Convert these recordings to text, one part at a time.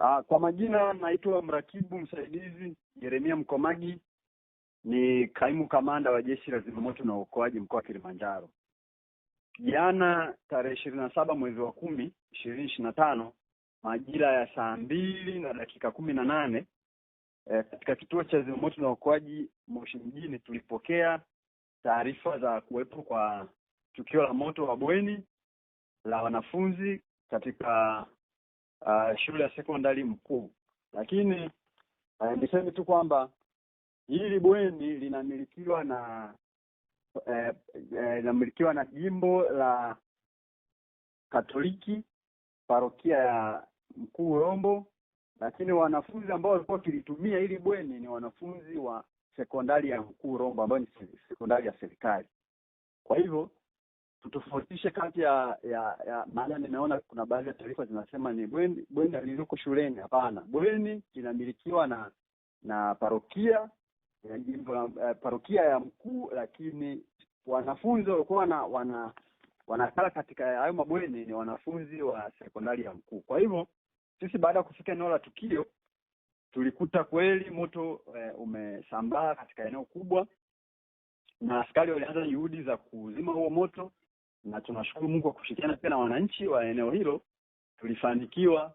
Aa, ah, kwa majina naitwa mratibu msaidizi Yeremia Mkomagi, ni kaimu kamanda wa jeshi la zimamoto na uokoaji mkoa wa Kilimanjaro. Jana tarehe ishirini na saba mwezi wa kumi ishirini ishirini na tano majira ya saa mbili na dakika kumi na nane e, katika kituo cha zimamoto na uokoaji Moshi mjini tulipokea taarifa za kuwepo kwa tukio la moto wa bweni la wanafunzi katika uh, shule ya sekondari Mkuu. Lakini uh, niseme tu kwamba hili bweni linamilikiwa na eh, eh, linamilikiwa na jimbo la Katoliki parokia ya Mkuu Rombo, lakini wanafunzi ambao walikuwa wakilitumia hili bweni ni wanafunzi wa sekondari ya Mkuu Rombo ambayo ni sekondari ya serikali. Kwa hivyo tutofautishe kati ya ya, ya maana nimeona kuna baadhi ya taarifa zinasema ni bweni bweni aliloko shuleni. Hapana, bweni linamilikiwa na na parokia ya jimbo la uh, parokia ya mkuu, lakini wanafunzi walikuwa wana, wana wanakala katika hayo mabweni ni wanafunzi wa sekondari ya mkuu. Kwa hivyo sisi baada ya kufika eneo la tukio tulikuta kweli moto eh, umesambaa katika eneo kubwa, na askari walianza juhudi za kuzima huo moto na tunashukuru Mungu kwa kushirikiana pia na wananchi wa eneo hilo tulifanikiwa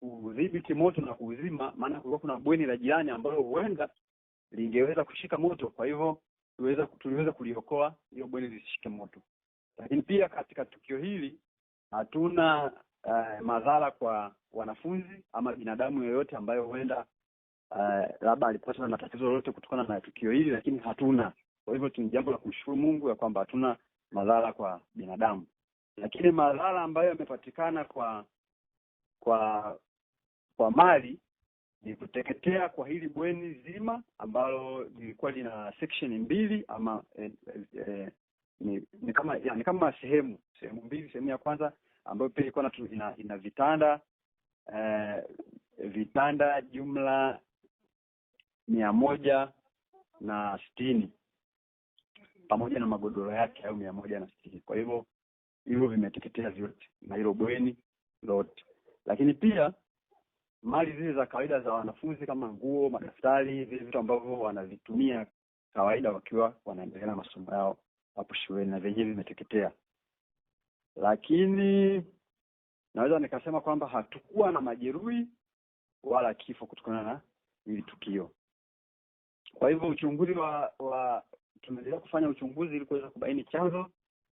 kudhibiti moto na kuuzima, maana kulikuwa kuna bweni la jirani ambalo huenda lingeweza kushika moto. Kwa hivyo tuliweza tuliweza kuliokoa hiyo bweni lisishike moto, lakini pia katika tukio hili hatuna uh, madhara kwa wanafunzi ama binadamu yoyote ambayo huenda uh, labda alipata matatizo yoyote kutokana na tukio hili, lakini hatuna. Kwa hivyo ni jambo la kumshukuru Mungu ya kwamba hatuna madhara kwa binadamu, lakini madhara ambayo yamepatikana kwa kwa kwa mali ni kuteketea kwa hili bweni zima ambalo lilikuwa lina section mbili ama eh, eh, eh ni, ni kama ya, ni kama sehemu sehemu mbili. Sehemu ya kwanza ambayo pia ilikuwa ina, ina vitanda eh, vitanda jumla mia moja na sitini pamoja na magodoro yake au mia moja na sitini. Kwa hivyo hivyo vimeteketea vyote na hilo bweni lote, lakini pia mali zile za kawaida za wanafunzi kama nguo, madaftari, vile vitu ambavyo wanavitumia kawaida wakiwa wanaendelea na masomo yao hapo shuleni, na vyenyewe vimeteketea. Lakini naweza nikasema kwamba hatukuwa na majeruhi wala kifo kutokana na hili tukio. Kwa hivyo uchunguzi wa, wa tumeendelea kufanya uchunguzi ili kuweza kubaini chanzo